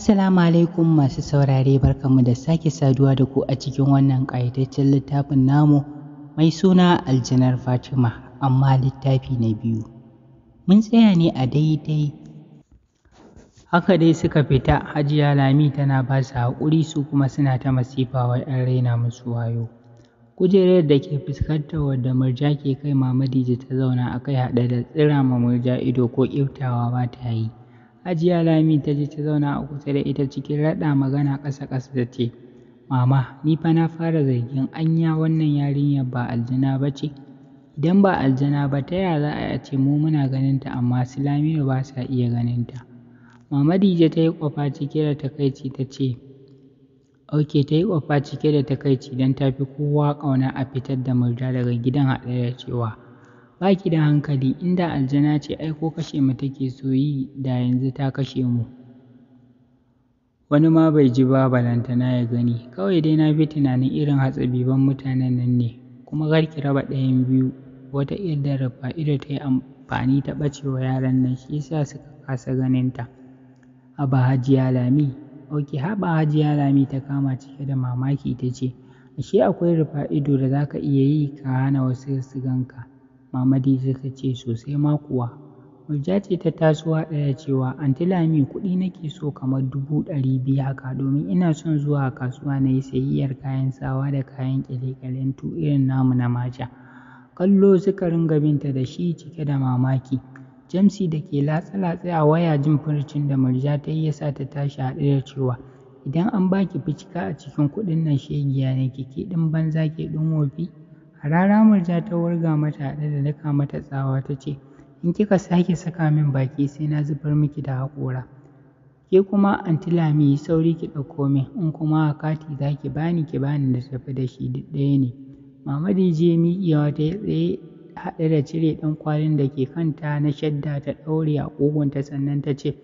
Assalamu alaikum masu saurare barkamu da sake saduwa da ku a cikin wannan ƙayataccen littafin namu mai suna aljanar Fatima amma littafi na biyu. Mun tsaya ne a daidai haka dai suka fita hajiya lami tana ba su haƙuri su kuma suna ta masifa wa raina musu wayo. Kujerar da ke fuskantar wadda murja ke kai da ta zauna a kai haɗe da tsira ma murja ido ko ƙiftawa ba ta yi. Hajiya Lami ta je ta zauna a kusa da ita cikin raɗa magana ƙasa-ƙasa da ce, Mama, ni fa na fara zargin anya wannan yarinyar ba aljana ba ce? Idan ba aljana ba ta ya za a ce mu muna ganinta amma su Lamiru ba sa iya ganinta. Mama Dije ta yi ƙwafa cike da takaici ta ce, Ok, ta yi ƙwafa cike da takaici don ta fi kowa ƙauna a fitar da murja daga gidan haɗe da cewa Ba ki da hankali, inda aljana ce ai ko kashe mu take so yi da yanzu ta kashe mu. Wani ma bai ji ba balantana ya gani, kawai dai na bi tunanin irin hatsabiban mutanen nan ne, kuma kar ki raba ɗayan biyu, wata da Rufa'ido ta yi amfani ta ɓace yaran nan shi yasa suka kasa ganinta. Haba Hajiya Lami, ok haba Hajiya Lami ta kama cike da mamaki ta ce, ashe akwai ido da za ka iya yi ka hana wasu su ganka. Mamadi suka ce sosai ma kuwa. Murja ce ta taso ɗaya cewa Anti Lami kuɗi nake so kamar dubu ɗari biyu haka domin ina son zuwa kasuwa na yi sayayyar kayan sawa da kayan ƙyale-ƙyalen tu irin namu na mata. Kallo suka ringa binta da shi cike da mamaki. Jamsi da ke latsa-latsa a waya jin furcin da Murja ta yi ya sa ta tashi haɗe da cewa idan an baki ficika a cikin kuɗin nan shegiya ne kike ɗin banza ke ɗin wofi. Hararamar murja ta wurga mata haɗe da daka mata tsawa ta ce, In kika sake saka min baki sai na zubar miki da haƙora. Ke kuma antilami sauri ki ɗauko min, in kuma a kati za ki bani ki bani da tafi da shi duk ɗaya ne. Mama Dije miƙewa ta tsaye haɗe da cire ɗan kwalin da ke kanta na shadda ta ɗaure a ƙugunta sannan ta ce,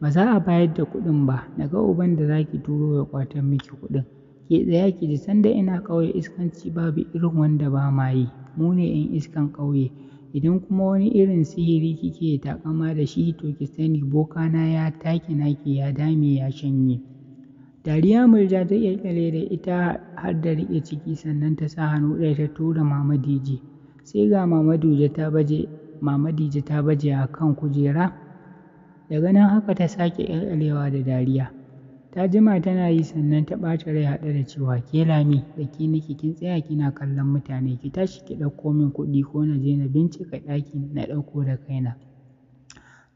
Ba za a bayar da kuɗin ba, na ga uban da zaki turo ya ƙwatan miki kuɗin. ki tsaya ki ji sanda ina ƙauye iskanci babu irin wanda ba ma yi mu ne 'yan iskan ƙauye idan kuma wani irin sihiri kike takama da shi to ki sani bokana ya take naki ya dame ya shanye dariya murja ta kyalkyale da ita har da riƙe ciki sannan ta sa hannu ɗaya ta tura mama sai ga mama ta baje mama ta baje a kan kujera daga nan haka ta sake kyalkyalewa da dariya ta jima tana yi sannan ta ɓata rai haɗe da cewa ke lami da ke nake kin tsaya kina kallon mutane ki tashi ki ɗauko min kuɗi ko na je na bincika ɗaki na ɗauko da kaina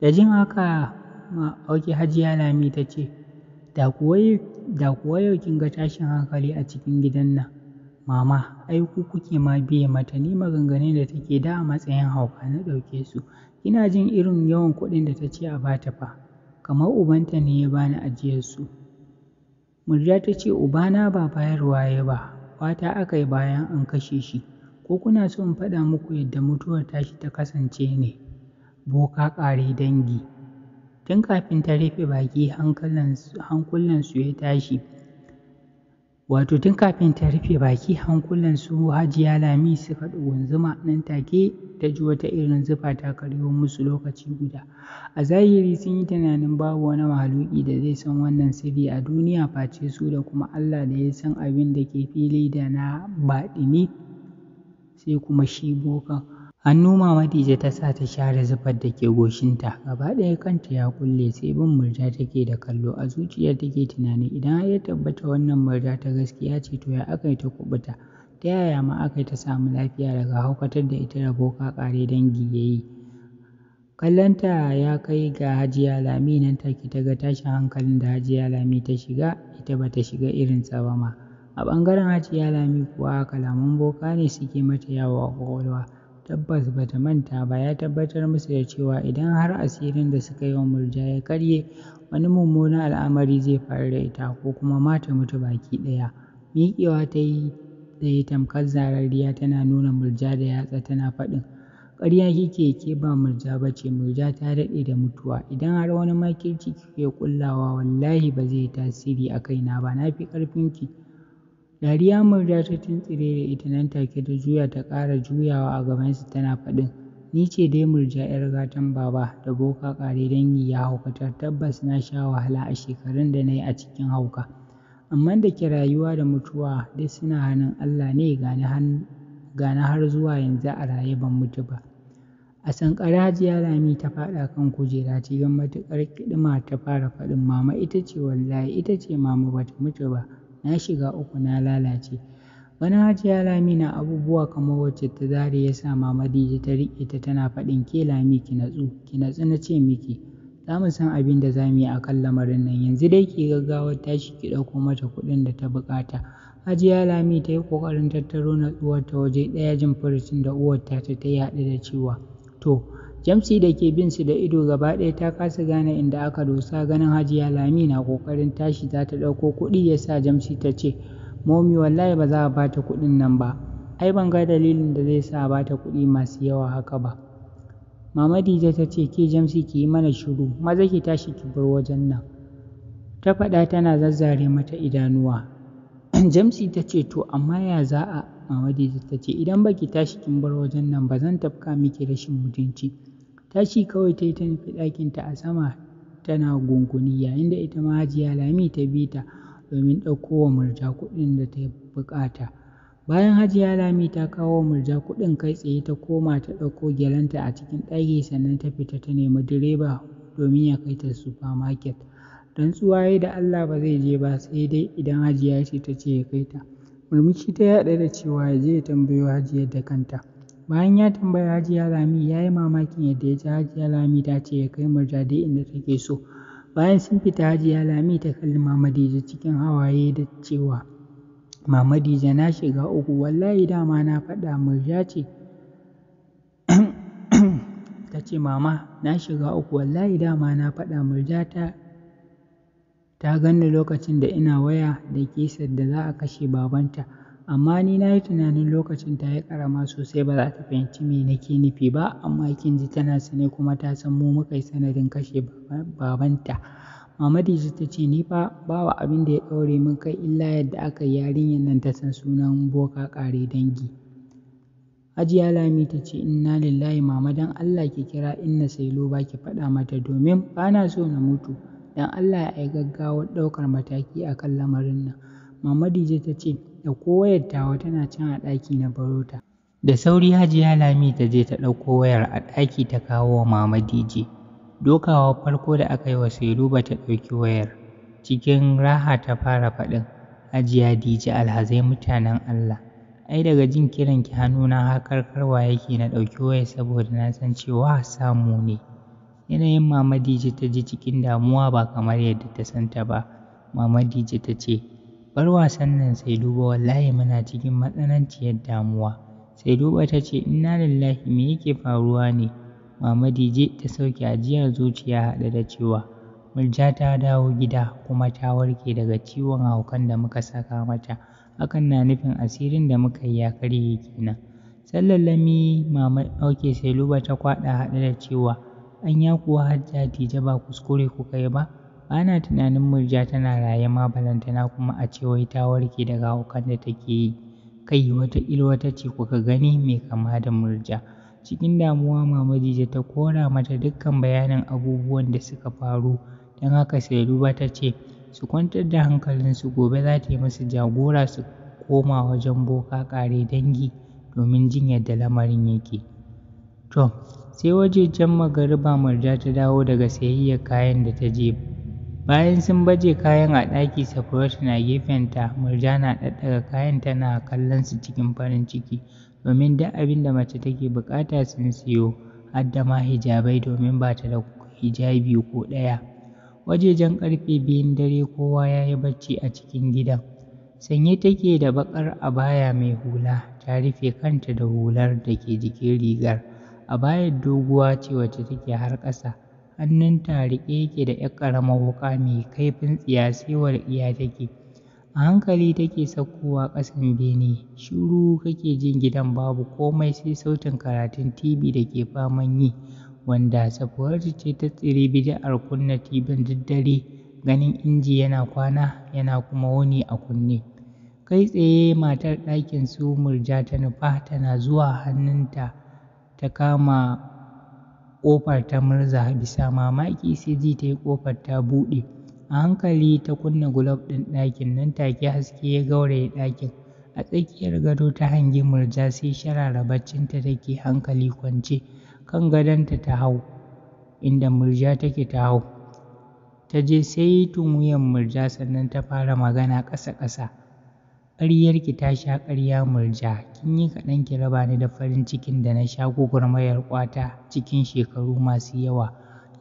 da jin haka ma auki hajiya lami ta ce da kuwa yau kin ga tashin hankali a cikin gidan nan mama ai ku kuke ma biye mata ni maganganun da take da a matsayin hauka na ɗauke su ina jin irin yawan kuɗin da ta ce a bata fa kamar ubanta ne ya bani ajiyar su Murja ta ce Ubana ba bayarwa ya ba, fata aka yi bayan an kashe shi, ko kuna so in faɗa muku yadda mutuwar tashi ta kasance ne, boka ƙare dangi. Tun kafin ta rufe baki hankulansu ya tashi, wato tun kafin ta rufe baki hankulan su hajiya lami suka ɗugunzuma nan take ta ji wata irin zufa ta karyo musu lokaci guda a zahiri sun yi tunanin babu wani mahaluki da zai san wannan sirri a duniya face su da kuma allah da ya san abin da ke fili da na baɗini sai kuma shi bokan Hannuma mama ta sa ta share zubar da ke goshinta gaba ɗaya kanta ya kulle sai bin murja take da kallo a zuciyar take tunani idan ya tabbata wannan murja ta gaskiya ce to ya aka yi ta kubuta ta yaya ma aka yi ta samu lafiya daga haukatar da ita da boka ƙare dangi ya yi kallonta ya kai ga hajiya lami nan take ta ga tashin hankalin da hajiya lami ta shiga ita ba ta shiga irin ba ma a ɓangaren hajiya lami kuwa kalaman boka ne suke mata yawo a ƙwaƙwalwa tabbas ba ta manta ba ya tabbatar musu da cewa idan har asirin da suka yi wa murja ya karye wani mummunan al'amari zai faru da ita ko kuma ma ta mutu baki ɗaya miƙewa ta yi tsaye tamkar zarariya tana nuna murja da yatsa tana faɗin ƙarya kike ke ba murja ba ce murja ta daɗe da mutuwa idan har wani makirci kike ƙullawa wallahi ba zai tasiri a kaina ba na fi ƙarfinki Dariya murda ta tuntsire da ita nan take ta juya ta ƙara juyawa a gabansu tana faɗin, Ni ce dai Murja 'yar gatan Baba da boka ƙare dangi ya haukata, tabbas na sha wahala a shekarun da na yi a cikin hauka. Amma da ke rayuwa da mutuwa duk suna hannun Allah ne ga na har zuwa yanzu a raye ban mutu ba. A sanƙare Hajiya Lami ta faɗa kan kujera cikin matuƙar kiɗima ta fara faɗin mama ita ce wallahi ita ce mama bata mutu ba. na shiga uku na lalace wani hajiya lami na abubuwa kamar wacce ta zare ya sa mama dije ta riƙe ta tana faɗin ke lami ki natsu ki natsu na ce miki za mu san abin da za mu yi a kan lamarin nan yanzu dai ki gaggawar tashi ki ɗauko mata kuɗin da ta buƙata hajiya lami ta yi ƙoƙarin tattaro natsuwarta ta waje ɗaya jin furucin da uwarta ta ta yi haɗe da cewa to Jamsi da ke bin su da ido gaba ɗaya ta kasa gane inda aka dosa ganin Hajiya Lami na ƙoƙarin tashi za ta ɗauko kuɗi ya sa Jamsi ta ce, Momi wallahi ba za a ba ta kuɗin nan ba, ai ban ga dalilin da zai sa a bata kuɗi masu yawa haka ba. Mama Dija ta ce, ke Jamsi ki yi mana shiru, maza ki tashi ki bar wajen nan. Ta faɗa tana zazzare mata idanuwa. Jamsi ta ce, to amma ya za a Mama Dija ta ce, idan baki tashi kin bar wajen nan ba zan tafka miki rashin mutunci. Tashi kawai ta yi ta nufi ɗakinta a sama tana gunguni yayin da ita ma Hajiya Lami ta bi ta domin ɗauko wa murja kuɗin da ta buƙata. Bayan Hajiya Lami ta kawo wa murja kuɗin kai tsaye ta koma ta ɗauko gyalanta a cikin ɗaki sannan ta fita ta nemi direba domin ya kai ta supermarket. Rantsuwa ya da Allah ba zai je ba sai dai idan Hajiya ce ta ce ya kai ta. Murmushi ta yaɗa da cewa ya je ya tambayo Hajiyar da kanta. Bayan ya tambaya Hajiya Lami ya yi mamakin yadda ya ji Hajiya Lami ta ce ya kai murja duk inda take so. Bayan sun fita Hajiya Lami ta kalli Mama cikin hawaye da cewa Mama na shiga uku wallahi dama na faɗa murja ce. ta ce mama na shiga uku wallahi dama na faɗa murja ta ta ganni lokacin da ina waya da kesar da za a kashe babanta. Amma ni na yi tunanin lokacin ta yi ƙarama sosai ba za ta fahimci me nake nufi ba amma kin ji tana sane kuma ta san mu muka yi sanadin kashe babanta. Mama Dije ta ce ni fa babu abin da ya ɗaure min kai illa yadda aka yi yarinyar nan ta san sunan boka ƙare dangi. Hajiya Lami ta ce inna lillahi mama dan Allah ki kira inna Sailo ba ki faɗa mata domin ba na so na mutu dan Allah ya yi gaggawar ɗaukar mataki a kan lamarin nan. Mama Dije ta ce ɗauko wayar tawa tana can a ɗaki na barota Da sauri Hajiya Lami ta je ta ɗauko wayar a ɗaki ta kawo wa Mama DJ. Dokawa farko da aka yi wa ba ta ɗauki wayar. Cikin raha ta fara faɗin, Hajiya DJ alhazai mutanen Allah. Ai daga jin kiran ki hannuna har karkarwa yake na ɗauki wayar saboda na san cewa samu ne. Yanayin Mama DJ ta ji cikin damuwa ba kamar yadda ta santa ba. Mama DJ ta ce, bar wasan nan sai duba wallahi muna cikin matsananciyar damuwa sai duba ta ce inna lillahi me yake faruwa ne mama dije ta sauke ajiyar zuciya haɗe da cewa murja ta dawo gida kuma ta warke daga ciwon haukan da muka saka mata hakan na nufin asirin da muka yi ya karye kenan sallallami mama ɗauke sai luba ta kwaɗa haɗe da cewa an ya kuwa hajja dije ba kuskure kuka yi ba ba na tunanin murja tana raye ma balantana kuma a ce wai ta warke daga haukan da take yi kai wata wata ce kuka gani mai kama da murja cikin damuwa mama ta kora mata dukkan bayanin abubuwan da suka faru don haka Sailuba ta ce su kwantar da hankalinsu gobe za ta yi musu jagora su koma wajen boka kare dangi domin jin yadda lamarin yake. To, sai wajejen magariba murja ta dawo daga sayayyar kayan da ta je Bayan sun baje kayan a ɗaki Safuratu na gefenta, murjana na ɗaɗɗaga kayan tana kallon su cikin farin ciki domin duk abin da mace take buƙata sun siyo har da ma hijabai domin ba ta da hijabi ko ɗaya. Wajejen ƙarfe biyun dare kowa ya yi bacci a cikin gidan. Sanye take da baƙar abaya mai hula ta rufe kanta da hular da ke jikin rigar. Abayar doguwa ce wacce take har ƙasa. hannunta riƙe yake da ƴar ƙaramar wuƙa mai kaifin tsiya sai walƙiya take a hankali take saukowa ƙasan bene shiru kake jin gidan babu komai sai sautin karatun tv da ke faman yi wanda safuwarta ce ta tsiri bid'ar kunna tibin duk dare ganin inji yana kwana yana kuma wuni a kunne kai tsaye matar ɗakin su murja ta nufa tana zuwa hannunta ta kama ƙofar ta murza bisa mamaki sai ji ta yi ƙofar ta buɗe a hankali ta kunna gulob ɗin ɗakin nan take haske ya gauraye ɗakin a tsakiyar gado ta hangi murja sai sharara baccinta take hankali kwance kan gadonta ta hau inda murja take ta hau ta je sai tun wuyan murja sannan ta fara magana ƙasa-ƙasa ƙaryarki ta sha ƙarya murja kin yi kaɗan ki raba ni da farin cikin da na sha gwagwarmayar ƙwata cikin shekaru masu yawa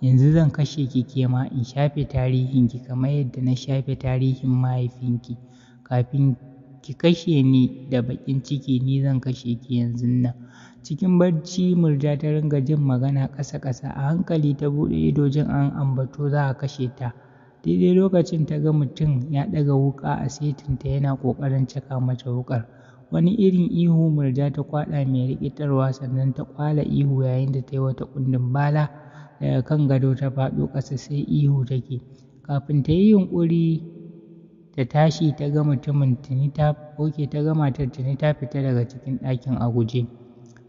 yanzu zan kashe ki ke ma in shafe tarihin ki kamar yadda na shafe tarihin mahaifinki kafin ki kashe ni da baƙin ciki ni zan kashe ki yanzu nan cikin barci murja ta ringa jin magana ƙasa ƙasa a hankali ta buɗe ido jin an ambato za a kashe ta daidai lokacin ta ga mutum ya ɗaga wuƙa a setinta yana ƙoƙarin caka mata wuƙar wani irin ihu murja ta kwaɗa mai rikitarwa sannan ta ƙwala ihu yayin da ta yi wata ƙundin bala daga kan gado ta faɗo ƙasa sai ihu take kafin ta yi yunƙuri ta tashi ta ga mutumin tuni ta oke ta ga matar tuni ta fita daga cikin ɗakin a guje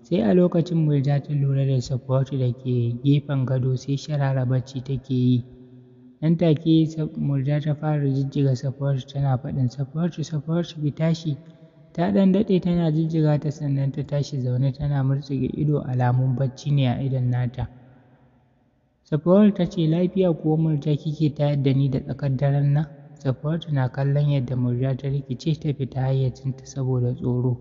sai a lokacin murja ta lura da safuwatu da ke gefen gado sai sharara bacci take yi nan take murja ta fara jijjiga safuwarta tana faɗin safuwarci safuwarci ki tashi ta ɗan daɗe tana jijjiga ta sannan ta tashi zaune tana murtsige ido alamun bacci ne a idon nata safuwar ta ce lafiya kuwa murja kike tayar da ni da tsakar daren nan safuwar na kallon yadda murja ta rikice ta fita hayyacinta saboda tsoro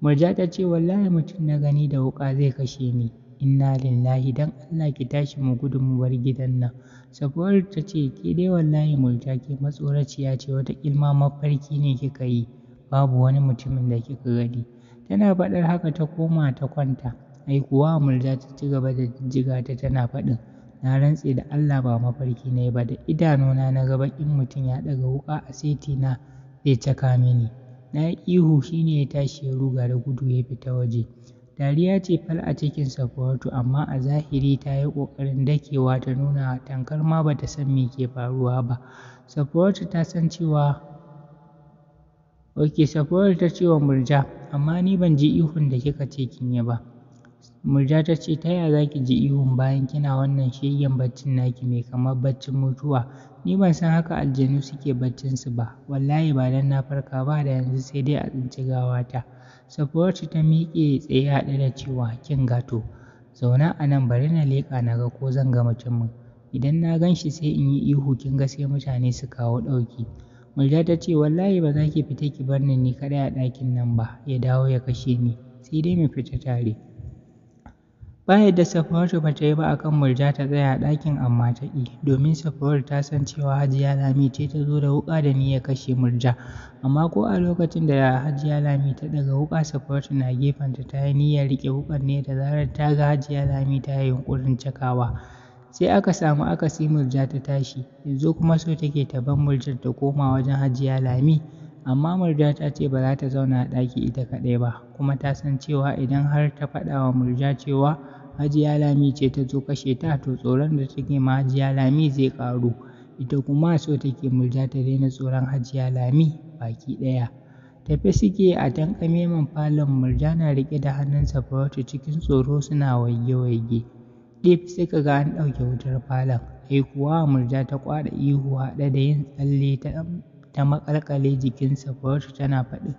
murja ta ce wallahi mutum na gani da wuƙa zai kashe ni inna lillahi dan Allah ki tashi mu gudu mu bar gidan nan sabuwar ta ce ke dai wallahi multa ke matsoraciya ce wata ilma mafarki ne kika yi babu wani mutumin da kika gani tana faɗar haka ta koma ta kwanta ai kuwa multa ta ci gaba da jiga ta tana faɗin na rantse da Allah ba mafarki ne ba da idanuna na ga bakin mutum ya ɗaga wuka a saiti na zai caka mini na ihu shine ya tashi ya ruga da gudu ya fita waje Dariya ce fal a cikin Safaratu amma a zahiri ta yi ƙoƙarin dakewa ta nuna tamkar ma ba ta san me ke faruwa ba. Safaratu ta san cewa Ok, ta ce wa Murja, amma ni ban ji ihun da kika ce kin yi ba. Murja ta ce ta yaya za ki ji ihun bayan kina wannan shegen baccin naki mai kamar baccin mutuwa. Ni ban san haka aljanu suke baccinsu ba, wallahi ba dan na farka ba da yanzu sai dai a tsinci gawata. Safaratu ta miƙe tsaye haɗe da cewa kin gato. Zauna a nan bari na leƙa na ga ko zan ga mutumin. Idan na gan shi sai in yi ihu kin ga sai mutane su kawo ɗauki. Murja ta ce wallahi ba za ki fita ki bar ni ni kaɗai a ɗakin nan ba ya dawo ya kashe ni sai dai mu fita tare. Ba yadda Safaratu ba ta yi ba a kan Murja ta tsaya a ɗakin amma ta ƙi, domin Safaratu ta san cewa Hajiya Lami ce ta zo da wuƙa da niyyar kashe Murja. Amma ko a lokacin da Hajiya Lami ta ɗaga wuƙa Safaratu na gefenta ta yi niyyar riƙe wuƙar ne da zarar ta ga Hajiya Lami ta yi yunƙurin cakawa. Sai aka samu akasi Murja ta tashi, yanzu kuma so take ta bar Murjar ta koma wajen Hajiya Lami. amma murja ta ce ba za ta zauna a ɗaki ita kaɗai ba kuma ta san cewa idan har ta faɗa wa murja cewa hajiya lami ce ta zo kashe ta to tsoron da take ma hajiya lami zai ƙaru ita kuma so take murja ta daina tsoron hajiya lami baki ɗaya tafi suke a tankame falon murja na riƙe da hannunsa farauta cikin tsoro suna waige-waige ɗif suka ga an ɗauke wutar falon ai kuwa murja ta kwaɗa ihu haɗe da yin tsalle ta ta maƙalƙale jikinsa Farautu tana faɗi.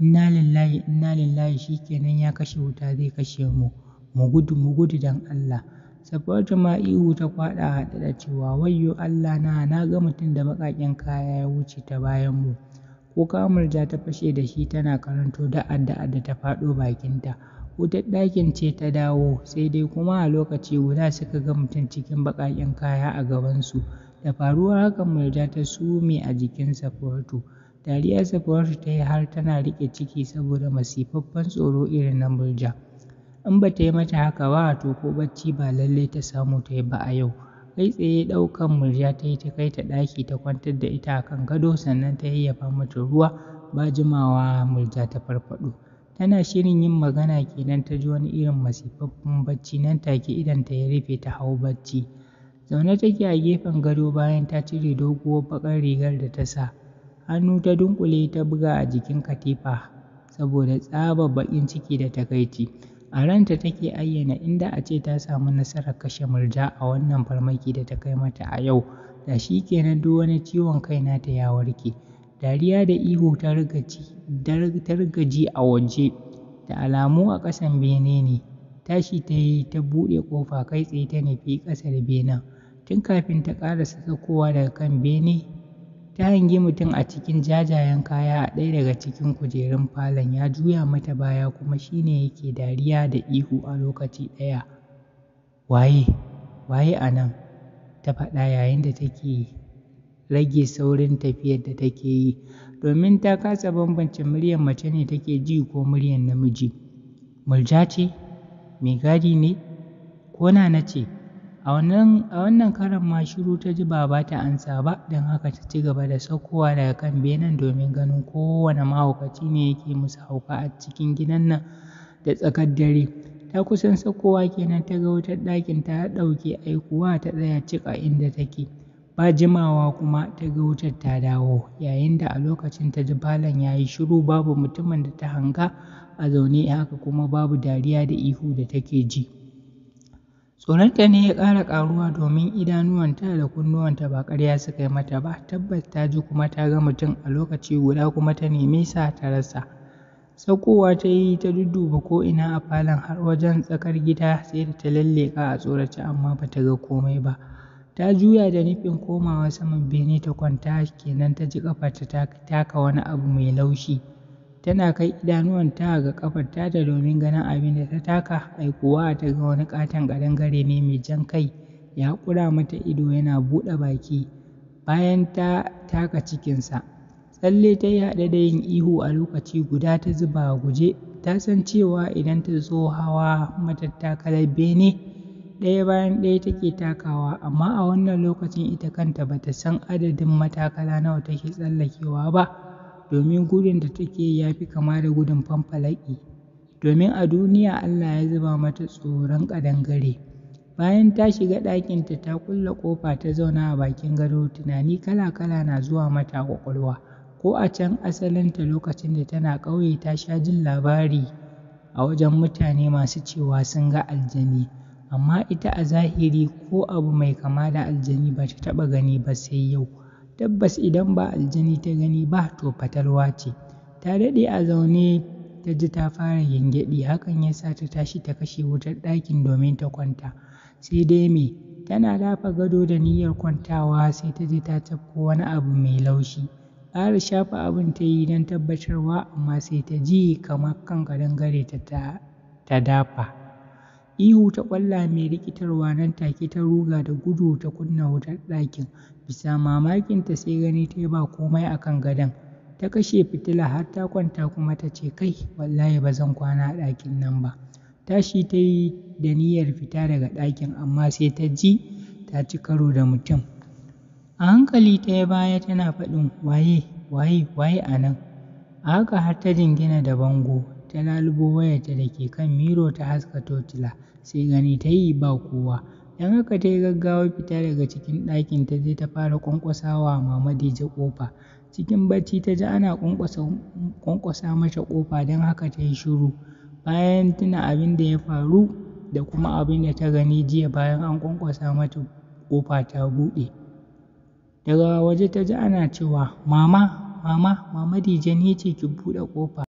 inna lillahi inna lillahi shikenan ya kashe wuta zai kashe mu mu gudu mu gudu dan Allah Safaratu ma ihu ta kwaɗa haɗe da cewa wayyo Allah na na ga mutum da baƙaƙen kaya ya wuce ta bayan mu Ko murja ta fashe da shi tana karanto da da'ar da ta faɗo bakinta wutar ɗakin ce ta dawo sai dai kuma a lokaci guda suka ga mutum cikin baƙaƙen kaya a gabansu Da faruwar hakan Murja ta sume a jikin Safaratu. dariyar safuratu ta yi har tana riƙe ciki saboda masifaffen tsoro irin na Murja. In ba ta yi mata haka ba to ko bacci ba lallai ta samu ta yi ba a yau. Kai tsaye ɗaukan Murja ta yi ta kai ta ɗaki ta kwantar da ita a kan gado sannan ta yayyafa mata ruwa ba jimawa Murja ta farfaɗo. Tana shirin yin magana kenan ta ji wani irin masifaffen bacci nan take idan ta ya rufe ta hau bacci. Zaune take a gefen gado bayan ta cire doguwar baƙar rigar da ta sa. Hannu ta dunkule ta buga a jikin katifa saboda tsaba baƙin ciki da takaici. A ranta take ayyana inda a ce ta samu nasarar kashe murja a wannan farmaki da ta kai mata a yau. Da shi kenan duk wani ciwon kai nata ya warke. Dariya da ihu ta riga ji a waje. Da alamu a ƙasan bene ne. Tashi ta yi ta buɗe ƙofa kai tsaye ta nufi ƙasar benen. tun kafin ta ƙarasa sakakowa daga kan bene ta hangi mutum a cikin jajayen kaya a ɗaya daga cikin kujerun falon ya juya mata baya kuma shine yake dariya da ihu a lokaci ɗaya waye waye a nan ta faɗa yayin da take rage saurin tafiyar da take yi domin ta kasa bambance muryar mace ne take ji ko muryar namiji murja ce mai gadi ne ko na ce A wannan karon ma shiru ta ji ba ba ta amsa ba, don haka ta ci gaba da saukowa daga kan benen domin ganin kowane mahaukaci ne yake musu hauka a cikin gidan nan da tsakar dare. Ta kusan saukowa kenan ta ga wutar ɗakin ta ɗauke aikuwa ta tsaya cik a inda take. Ba jimawa kuma ta ga wutar ta dawo, yayin da a lokacin ta ji falon ya yi shiru babu mutumin da ta hanga a zaune haka kuma babu dariya da ihu da take ji. Tsoronta ne ya ƙara ƙaruwa domin idanuwanta da kunnuwanta ba ƙarya suka yi mata ba, tabbas ta ji kuma ta ga mutum a lokaci guda kuma ta neme sa ta rasa. Saukowa ta yi ta dudduba ko'ina a falon har wajen tsakar gida sai da ta lalleka a tsorace amma ba ta ga komai ba. Ta juya da nufin komawa saman bene ta kwanta kenan ta ji ƙafarta ta taka wani abu mai laushi. Tana kai idanuwanta ga ƙafarta ta domin ganin abin da ta taka, ai kuwa ta ga wani ƙaton ƙadangare ne mai jan kai ya ƙura mata ido yana buɗe baki bayan ta taka cikinsa. Tsalle ta yi haɗe da yin ihu a lokaci guda ta zuba a guje, ta san cewa idan ta zo hawa matattakalar bene ɗaya bayan ɗaya take takawa amma a wannan lokacin ita kanta ba ta san adadin matakala nawa take tsallakewa ba. domin gudun da take ya fi kama da gudun fanfalaki domin a duniya Allah ya zuba mata tsoron ƙadangare. Bayan ta shiga ɗakinta ta kulle ƙofa ta zauna a bakin gado tunani kala-kala na zuwa mata ƙwaƙwalwa. Ko a can asalinta lokacin da tana ƙauye ta sha jin labari a wajen mutane masu cewa sun ga aljani. Amma ita a zahiri ko abu mai kama da aljani ba ta taɓa gani ba sai yau. tabbas idan ba aljani ta gani ba to fatalwa ce ta daɗe a zaune ta ji ta fara gyangyaɗi hakan ya sa ta tashi ta kashe wutar ɗakin domin ta kwanta sai dai me tana dafa gado da niyyar kwantawa sai ta ji ta tafko wani abu mai laushi ƙara shafa abin ta yi don tabbatarwa amma sai ta ji kamar kan kadangare ta ta dafa ihu ta ƙwalla mai rikitarwa nan take ta ruga da gudu ta kunna wutar ɗakin bisa mamakinta sai gani ta ba komai a kan gadon ta kashe fitila har ta kwanta kuma ta ce kai wallahi ba zan kwana a ɗakin nan ba tashi ta yi da niyyar fita daga ɗakin amma sai ta ji ta ci karo da mutum a hankali ta yi baya tana faɗin waye waye waye a nan a haka har ta jingina da bango ta lalubo wayarta da ke kan miro ta haska totila sai gani ta yi ba kowa Don haka ta yi gaggawar fita daga cikin ɗakin ta je ta fara ƙwanƙwasawa wa Mama Dija ƙofa. Cikin bacci ta ji ana ƙwanƙwasa mata ƙofa don haka ta yi shiru. Bayan tuna abin da ya faru da kuma abin da ta gani jiya bayan an ƙwanƙwasa mata ƙofa ta buɗe. Daga waje ta ji ana cewa, Mama, Mama, Mama Dija ni ce ki buɗe ƙofa.